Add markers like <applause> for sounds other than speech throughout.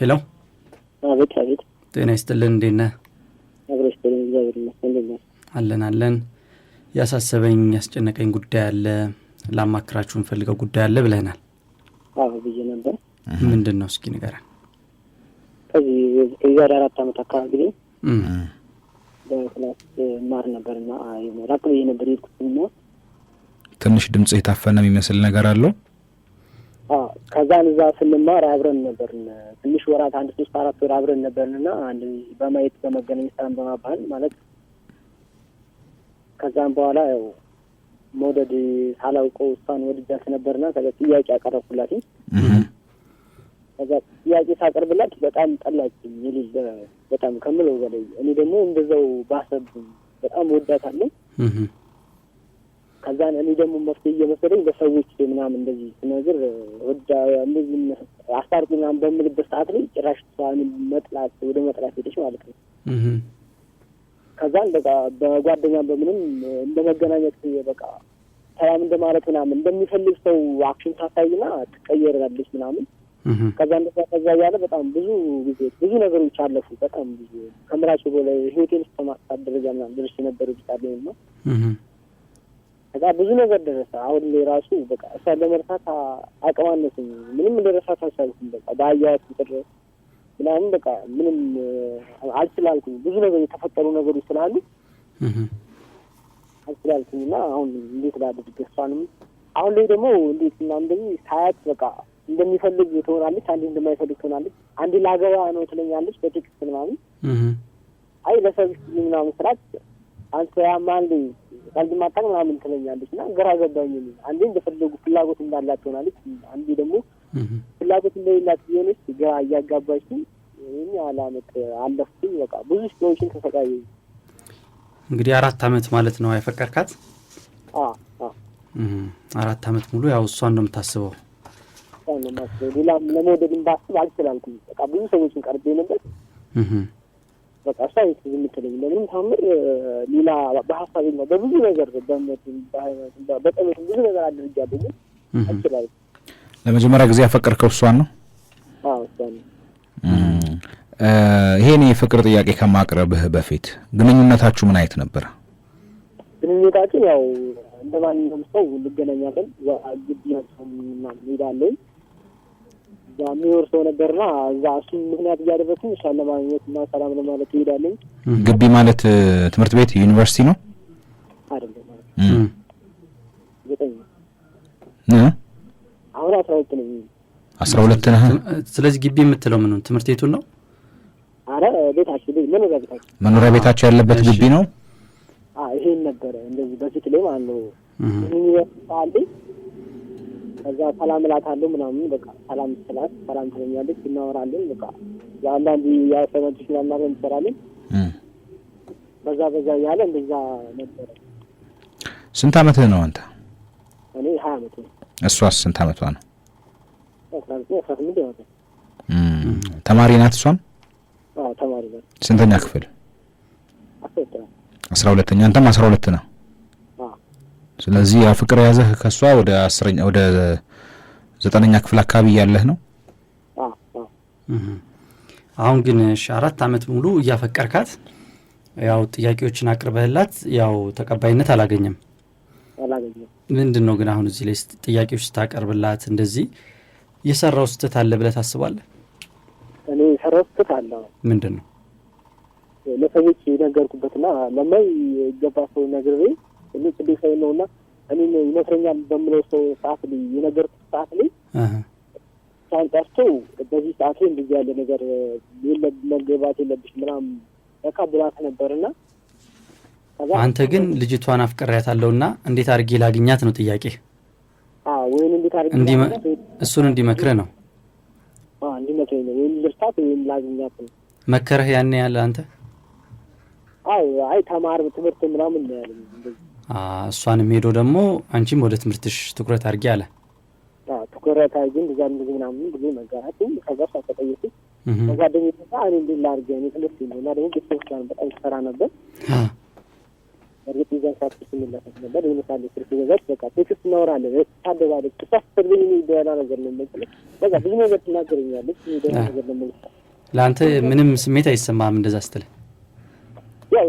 ሄሎ አቤት አቤት። ጤና ይስጥልን እንዴት ነህ? አለን አለን። ያሳሰበኝ ያስጨነቀኝ ጉዳይ አለ፣ ላማክራችሁ እንፈልገው ጉዳይ አለ ብለናል ብዬ ነበር። ምንድን ነው እስኪ ንገረን። ከዚህ የዛሬ አራት አመት አካባቢ ላይ በክላስ ማር ነበርና ራቅ ብዬ ነበር የሄድኩትና ትንሽ ድምፅ የታፈነ የሚመስል ነገር አለው ከዛን እዛ ስንማር አብረን ነበርን። ትንሽ ወራት አንድ ሶስት አራት ወር አብረን ነበርን እና አንድ በማየት በመገናኘት ሰላም በማባህል ማለት ከዛም በኋላ ያው መውደድ ሳላውቀው እሷን ወድጃት ነበርና ከዛ ጥያቄ አቀረብኩላት። ከዛ ጥያቄ ሳቀርብላት በጣም ጠላች የሌለ በጣም ከምለው በላይ እኔ ደግሞ እንደዛው ባሰብ በጣም ወዳታለሁ ከዛን እኔ ደግሞ መፍትሄ እየመሰለኝ በሰዎች ምናምን እንደዚህ ስነግር ወዳ እንደዚህ አስታርቁ ምናምን በምልበት ሰዓት ላይ ጭራሽ እሷን መጥላት ወደ መጥላት ሄደች ማለት ነው። ከዛን በቃ በጓደኛም በምንም እንደ መገናኘት በቃ ሰላም እንደማለት ምናምን እንደሚፈልግ ሰው አክሽን ታሳይና ትቀየራለች ምናምን ከዛ እንደዛ ከዛ እያለ በጣም ብዙ ጊዜ ብዙ ነገሮች አለፉ። በጣም ብዙ ከምራቸው በላይ ህይወቴን እስከ ደረጃ ምናምን ድርሽ የነበረ ጊዜ ነው በቃ ብዙ ነገር ደረሰ። አሁን ላይ ራሱ በቃ እሷ ለመርሳት አቅም አቅማነትኝ ምንም ደረሳት አልቻልኩም። በቃ በአያያት ቁጥር ምናምን በቃ ምንም አልችላልኩኝ። ብዙ ነገር የተፈጠሩ ነገሮች ስላሉ አልችላልኩኝ እና አሁን እንዴት ላድርግ? እሷንም አሁን ላይ ደግሞ እንዴት ምናምን ሳያት በቃ እንደሚፈልግ ትሆናለች፣ አንዴ እንደማይፈልግ ትሆናለች፣ አንዴ ላገባ ነው ትለኛለች በቴክስት ምናምን አይ ለሰርቪስ ምናምን ስላት አንተ ያማን ልኝ ቀልድ ማታቅ ምናምን ትለኛለች እና ግራ ገባኝ። አንዴ እንደፈለጉ ፍላጎት እንዳላት ሆናለች፣ አንዴ ደግሞ ፍላጎት እንደሌላት የሆነች ግራ እያጋባችኝ ይህ አላመት አለፍኩኝ። በቃ ብዙ ስራዎችን ተሰቃየ። እንግዲህ አራት አመት ማለት ነው ያፈቀርካት? አራት አመት ሙሉ ያው እሷን ነው የምታስበው። ሌላ ለመውደድ ባስብ አልችላልኩኝ። በቃ ብዙ ሰዎችን ቀርቤ ነበር በቃ እሷ ቤት የምትለኝ ለምንም ታምር ሌላ በሀሳቤ ነው። በብዙ ነገር በእምነትም በሃይማኖትም ብዙ ነገር አድርጊያለሁ፣ ግን አልችላለሁ። ለመጀመሪያ ጊዜ ያፈቀርከው እሷን ነው? ይሄን የፍቅር ጥያቄ ከማቅረብህ በፊት ግንኙነታችሁ ምን አይነት ነበረ? ግንኙነታችን ያው እንደ ማንኛውም ሰው ልገናኛለን ግቢ ሄዳለኝ እዛ የሚኖር ሰው ነበርና እዛ እሱ ምክንያት እያደረግኩኝ እሷን ለማግኘት እና ሰላም ለማለት ይሄዳለኝ። ግቢ ማለት ትምህርት ቤት ዩኒቨርሲቲ ነው አይደለም? ዘጠኝ አሁን አስራ ሁለት ነኝ። አስራ ሁለት ነህ። ስለዚህ ግቢ የምትለው ምን ትምህርት ቤቱን ነው? አረ ቤታቸው፣ መኖሪያ ቤታቸው፣ መኖሪያ ቤታቸው ያለበት ግቢ ነው። ይሄን ነበረ እንደዚህ በፊት ላይ ማለት ነው ከዛ ሰላም እላታለሁ ምናምን በቃ ሰላም ስላት ሰላም ትለኛለች፣ እናወራለን። በቃ የአንዳንድ የአሰመንቶች ምናምን እንሰራለን። በዛ በዛ እያለ እንደዛ ነበረ። ስንት አመትህ ነው አንተ? እኔ ሀያ አመት ነው። እሷስ ስንት አመቷ ነው? ተማሪ ናት እሷም? ተማሪ ናት። ስንተኛ ክፍል? አስራ ሁለተኛ። አንተም አስራ ሁለት ነው ስለዚህ ያ ፍቅር የያዘህ ከእሷ ወደ አስረኛ ወደ ዘጠነኛ ክፍል አካባቢ እያለህ ነው። አሁን ግን እሺ፣ አራት አመት ሙሉ እያፈቀርካት ያው ጥያቄዎችን አቅርበህላት ያው ተቀባይነት አላገኘም። ምንድን ነው ግን አሁን እዚህ ላይ ጥያቄዎች ስታቀርብላት እንደዚህ የሰራው ስህተት አለ ብለህ ታስባለህ? እኔ የሰራው ስህተት አለ። ምንድን ነው? ለሰዎች የነገርኩበትና ለማይ የገባ ሰው ነግሬ ሁሉ ጽዴ ሰው ነው እና እኔም ይመስለኛል በምለው ሰው ሰዓት ላይ የነገር ሰዓት ላይ ሳን ጠርተው በዚህ ሰዓት ላይ እንደዚህ ያለ ነገር መገባት የለብሽ ምናም በቃ ብላት ነበር ነበርና አንተ ግን ልጅቷን አፍቅሬያታለሁና እንዴት አድርጌ ላግኛት ነው ጥያቄ ወይም እንዴት አድርጌ እሱን እንዲመክርህ ነው እንዲመክረኝ ነው ወይም ልርሳት ወይም ላግኛት ነው መከረህ ያን ያለ አንተ አይ አይ ተማር ትምህርት ምናምን ያለ እሷንም ሄዶ ደግሞ አንቺም ወደ ትምህርትሽ ትኩረት አድርጊ አለ። ትኩረት አድርጊ እንደዚያም እንደዚህ ምናምን ብዙ መጋራትም ከዛ እሷ ተጠየኩኝ። ጋር እኔ እንዴት እኔ ትምህርት የለም እና ደግሞ ቤተሰቦች ጋር በጣም ይሰራ ነበር። እርግጥ ነበር ገዛች። በቃ እናወራለን ታደባለች። ነገር ነው በቃ ብዙ ነገር ትናገረኛለች። ነገር ነው ለአንተ ምንም ስሜት አይሰማም እንደዛ ስትልህ ያው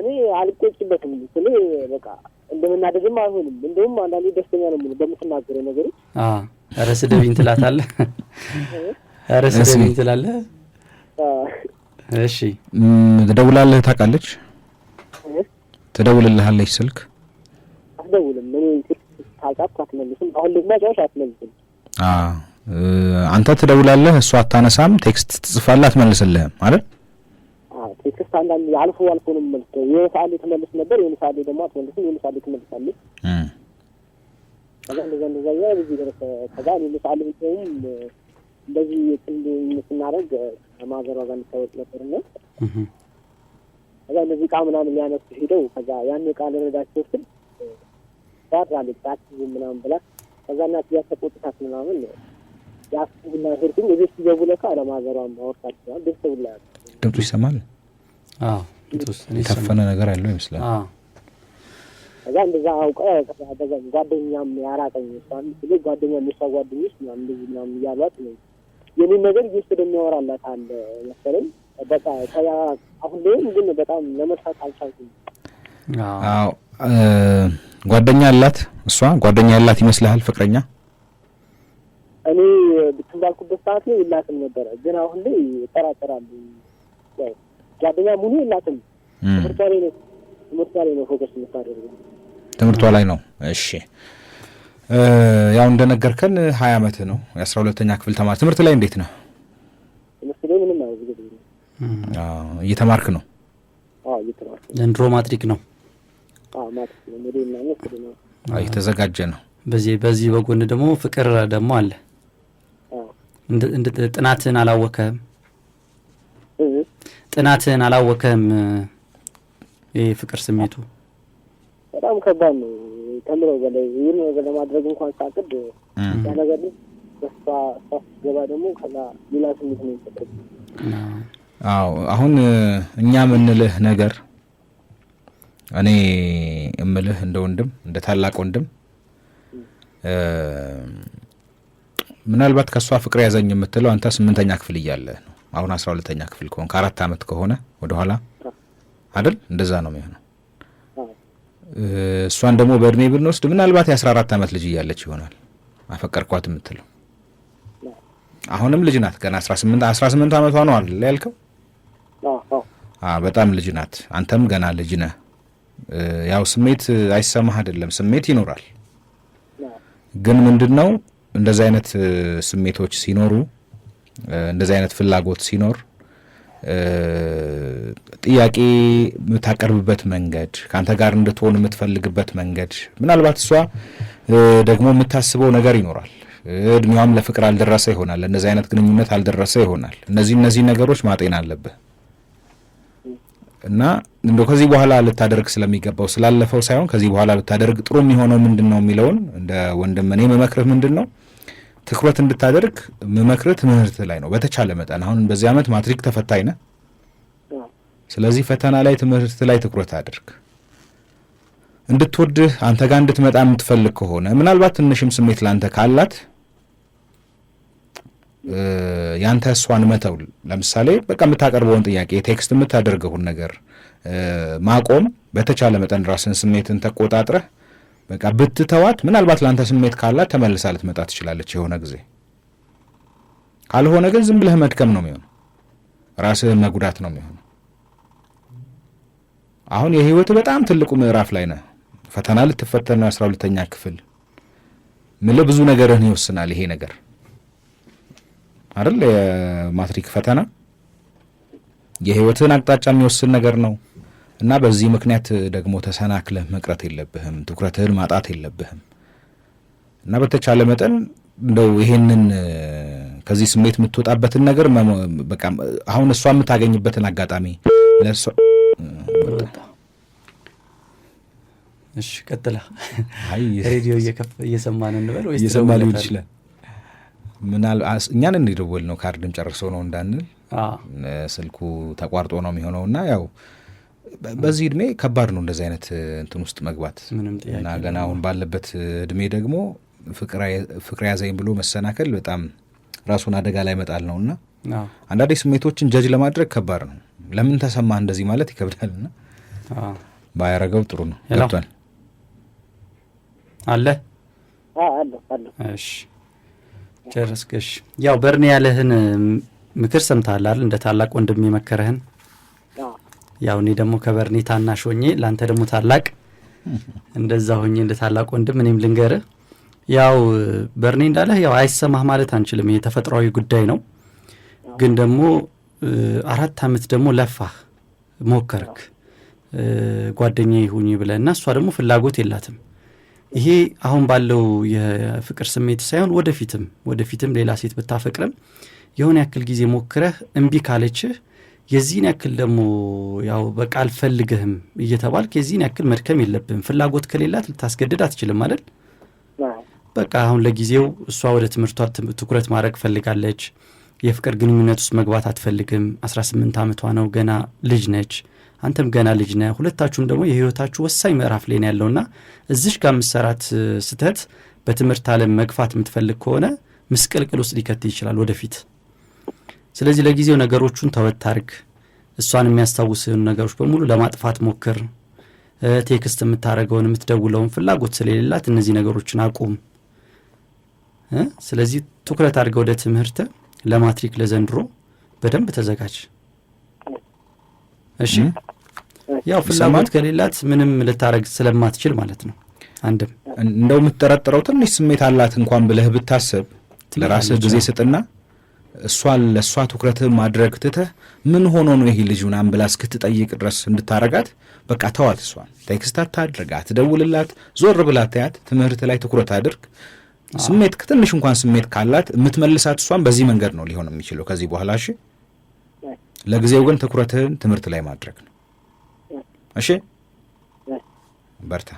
እኔ አልቆጭበትም። ስለ በቃ እንደምናደግም አይሆንም። እንደውም አንዳንዴ ደስተኛ ነው የምልህ በምትናገረው ነገሮች። ረስ ስደቢኝ ትላታለህ፣ ረስ ስደቢኝ ትላለህ። እሺ ትደውላለህ፣ ታውቃለች፣ ትደውልልሃለች። ስልክ አትደውልም። እኔ ታውቃት አትመልስም። አሁን ደግሞ ጫዎች አትመልስም። አንተ ትደውላለህ፣ እሷ አታነሳም። ቴክስት ትጽፋለህ፣ አትመልስልህም አይደል? ክስ አንዳንድ አልፎ አልፎ ነው የምመልሰው። የሆነ ሰዓት ላይ ትመልስ ነበር፣ የሆነ ሰዓት ላይ ደግሞ አትመልስም፣ የሆነ ሰዓት ላይ ትመልሳለች። ከዛ እንደዛ እንደዛ ደረሰ። ከዛ ሌሎች ሰዓት ላይ እንደዚህ ጥል ስናደርግ ከማዘሯ ጋር እንታወቅ ነበርና ከዛ እንደዚህ ዕቃ ምናምን ሊያነሱ ሄደው ከዛ ያን ዕቃ ልረዳቸው ስል ራለች አትይዙ ምናምን ብላ ከዛ እናት ያተቆጥታት ምናምን ያስቡና ሄድኩኝ። የቤት ሲገቡ ለካ ለማዘሯም አወርታቸዋል። ቤተሰቡ ድምፁ ይሰማል። የታፈነ ነገር ያለው ይመስላል። ከዛ እንደዛ አውቀ ጓደኛም ያራቀኝ ይመስላል ጓደኛ የሚሳ ጓደኞች ውስጥ እንደዚህ ምናምን እያሏት ነው የኔን ነገር እየስ የሚያወራላት አለ መሰለኝ። በቃ አሁን ላይም ግን በጣም ለመርሳት አልቻልኩም። አዎ ጓደኛ አላት እሷ ጓደኛ ያላት ይመስልሃል? ፍቅረኛ እኔ ብትንባልኩበት ሰዓት ላይ ይላትም ነበረ፣ ግን አሁን ላይ እጠራጠራለሁ ጓደኛ ሙሉ የላትም። ትምህርቷ ላይ ነው ትምህርቷ ላይ ነው ፎከስ የምታደርገው ትምህርቷ ላይ ነው። እሺ ያው እንደነገርከን ሀያ ዓመት ነው የአስራ ሁለተኛ ክፍል ተማሪ። ትምህርት ላይ እንዴት ነው? ትምህርት ላይ ምንም እየተማርክ ነው? ዘንድሮ ማትሪክ ነው የተዘጋጀ ነው። በዚህ በዚህ በጎን ደግሞ ፍቅር ደግሞ አለ። ጥናትን አላወከም ጥናትን አላወቀም ይህ ፍቅር ስሜቱ በጣም ከባድ ነው። ተምሮ በላይ ይህን ነገር ለማድረግ እንኳን ሳቅድ ያ ነገር በስፋ ገባ ደግሞ ሌላ ስሜት ነው የሚፈጥር። አሁን እኛ የምንልህ ነገር እኔ እምልህ እንደ ወንድም እንደ ታላቅ ወንድም ምናልባት ከእሷ ፍቅር ያዘኝ የምትለው አንተ ስምንተኛ ክፍል እያለህ ነው አሁን አስራ ሁለተኛ ክፍል ከሆን ከአራት አመት ከሆነ ወደኋላ አይደል እንደዛ ነው የሚሆነው። እሷን ደግሞ በእድሜ ብንወስድ ምናልባት የአስራ አራት ዓመት ልጅ እያለች ይሆናል አፈቀርኳት የምትለው አሁንም ልጅ ናት። ገና አስራ ስምንት አስራ ስምንት አመቷ ነው አለ ያልከው። በጣም ልጅ ናት። አንተም ገና ልጅ ነህ። ያው ስሜት አይሰማህ አይደለም፣ ስሜት ይኖራል። ግን ምንድን ነው እንደዚህ አይነት ስሜቶች ሲኖሩ እንደዚህ አይነት ፍላጎት ሲኖር ጥያቄ የምታቀርብበት መንገድ ከአንተ ጋር እንድትሆን የምትፈልግበት መንገድ ምናልባት እሷ ደግሞ የምታስበው ነገር ይኖራል። እድሜዋም ለፍቅር አልደረሰ ይሆናል። ለእነዚህ አይነት ግንኙነት አልደረሰ ይሆናል። እነዚህ እነዚህ ነገሮች ማጤን አለብህ እና እንደ ከዚህ በኋላ ልታደርግ ስለሚገባው ስላለፈው ሳይሆን ከዚህ በኋላ ልታደርግ ጥሩ የሚሆነው ምንድን ነው የሚለውን እንደ ወንድም እኔ መመክርህ ምንድን ነው ትኩረት እንድታደርግ ምመክርህ ትምህርት ላይ ነው። በተቻለ መጠን አሁን በዚህ ዓመት ማትሪክ ተፈታኝ ነህ። ስለዚህ ፈተና ላይ ትምህርት ላይ ትኩረት አድርግ። እንድትወድህ አንተ ጋር እንድትመጣ የምትፈልግ ከሆነ ምናልባት ትንሽም ስሜት ላንተ ካላት ያንተ እሷን መተው ለምሳሌ በቃ የምታቀርበውን ጥያቄ ቴክስት የምታደርገውን ነገር ማቆም በተቻለ መጠን ራስን ስሜትን ተቆጣጥረህ በቃ ብትተዋት ምናልባት ለአንተ ስሜት ካላት ተመልሳ ልትመጣ ትችላለች የሆነ ጊዜ። ካልሆነ ግን ዝም ብለህ መድከም ነው የሚሆነው፣ ራስህን መጉዳት ነው የሚሆነው። አሁን የህይወት በጣም ትልቁ ምዕራፍ ላይ ነህ። ፈተና ልትፈተን ነው። አስራ ሁለተኛ ክፍል ምለ ብዙ ነገርህን ይወስናል ይሄ ነገር አይደል? የማትሪክ ፈተና የህይወትህን አቅጣጫ የሚወስን ነገር ነው። እና በዚህ ምክንያት ደግሞ ተሰናክለ መቅረት የለብህም፣ ትኩረትህን ማጣት የለብህም እና በተቻለ መጠን እንደው ይሄንን ከዚህ ስሜት የምትወጣበትን ነገር በቃ አሁን እሷ የምታገኝበትን አጋጣሚ እሺ፣ ቀጥላ ሬዲዮ እየሰማን እንበል ወይስ እየሰማ ሊሆን ይችላል። እኛን እንደደወል ነው ካርድም ጨርሰው ነው እንዳንል ስልኩ ተቋርጦ ነው የሚሆነውና ያው በዚህ እድሜ ከባድ ነው እንደዚህ አይነት እንትን ውስጥ መግባት እና ገና አሁን ባለበት እድሜ ደግሞ ፍቅር ያዘኝ ብሎ መሰናከል በጣም ራሱን አደጋ ላይ መጣል ነው እና አንዳንዴ ስሜቶችን ጀጅ ለማድረግ ከባድ ነው። ለምን ተሰማ እንደዚህ ማለት ይከብዳል ና ባያረገው ጥሩ ነው። ገብቷል አለ እሺ፣ ያው በርኔ ያለህን ምክር ሰምተሃል እንደ ታላቅ ወንድም የመከረህን ያው እኔ ደግሞ ከበርኔ ታናሽ ሆኜ ለአንተ ደግሞ ታላቅ <laughs> እንደዛ ሆኜ እንደ ታላቅ ወንድም እኔም ልንገርህ ያው በርኔ እንዳለህ ያው አይሰማህ ማለት አንችልም። ይሄ ተፈጥሯዊ ጉዳይ ነው። ግን ደግሞ አራት አመት ደግሞ ለፋህ ሞከርክ ጓደኛ ይሁኝ ብለ እና እሷ ደግሞ ፍላጎት የላትም። ይሄ አሁን ባለው የፍቅር ስሜት ሳይሆን ወደፊትም ወደፊትም ሌላ ሴት ብታፈቅርም የሆነ ያክል ጊዜ ሞክረህ እምቢ ካለችህ የዚህን ያክል ደግሞ ያው በቃ አልፈልግህም እየተባልክ የዚህን ያክል መድከም የለብህም። ፍላጎት ከሌላት ልታስገድድ አትችልም አይደል? በቃ አሁን ለጊዜው እሷ ወደ ትምህርቷ ትኩረት ማድረግ ፈልጋለች። የፍቅር ግንኙነት ውስጥ መግባት አትፈልግም። 18 ዓመቷ ነው፣ ገና ልጅ ነች። አንተም ገና ልጅ ነህ። ሁለታችሁም ደግሞ የህይወታችሁ ወሳኝ ምዕራፍ ላይ ነው ያለውና እዚሽ ጋር የምትሰራት ስህተት በትምህርት ዓለም መግፋት የምትፈልግ ከሆነ ምስቅልቅል ውስጥ ሊከት ይችላል ወደፊት ስለዚህ ለጊዜው ነገሮቹን ተወታርግ እሷን የሚያስታውስህን ነገሮች በሙሉ ለማጥፋት ሞክር። ቴክስት የምታደርገውን የምትደውለውን ፍላጎት ስለሌላት እነዚህ ነገሮችን አቁም። ስለዚህ ትኩረት አድርገ ወደ ትምህርት ለማትሪክ ለዘንድሮ በደንብ ተዘጋጅ። እሺ፣ ያው ፍላጎት ከሌላት ምንም ልታደረግ ስለማትችል ማለት ነው። አንድም እንደው የምትጠረጥረው ትንሽ ስሜት አላት እንኳን ብለህ ብታስብ ለራስህ ጊዜ ስጥና እሷን ለእሷ ትኩረት ማድረግ ትተህ ምን ሆኖ ነው ይሄ ልጅ ምናምን ብላ እስክትጠይቅ ድረስ እንድታረጋት በቃ ተዋት። እሷን ቴክስት አታድርግ፣ አትደውልላት፣ ዞር ብላ ታያት። ትምህርት ላይ ትኩረት አድርግ። ስሜት ትንሽ እንኳን ስሜት ካላት የምትመልሳት እሷን በዚህ መንገድ ነው ሊሆን የሚችለው ከዚህ በኋላ። እሺ ለጊዜው ግን ትኩረትህን ትምህርት ላይ ማድረግ ነው። እሺ በርታ።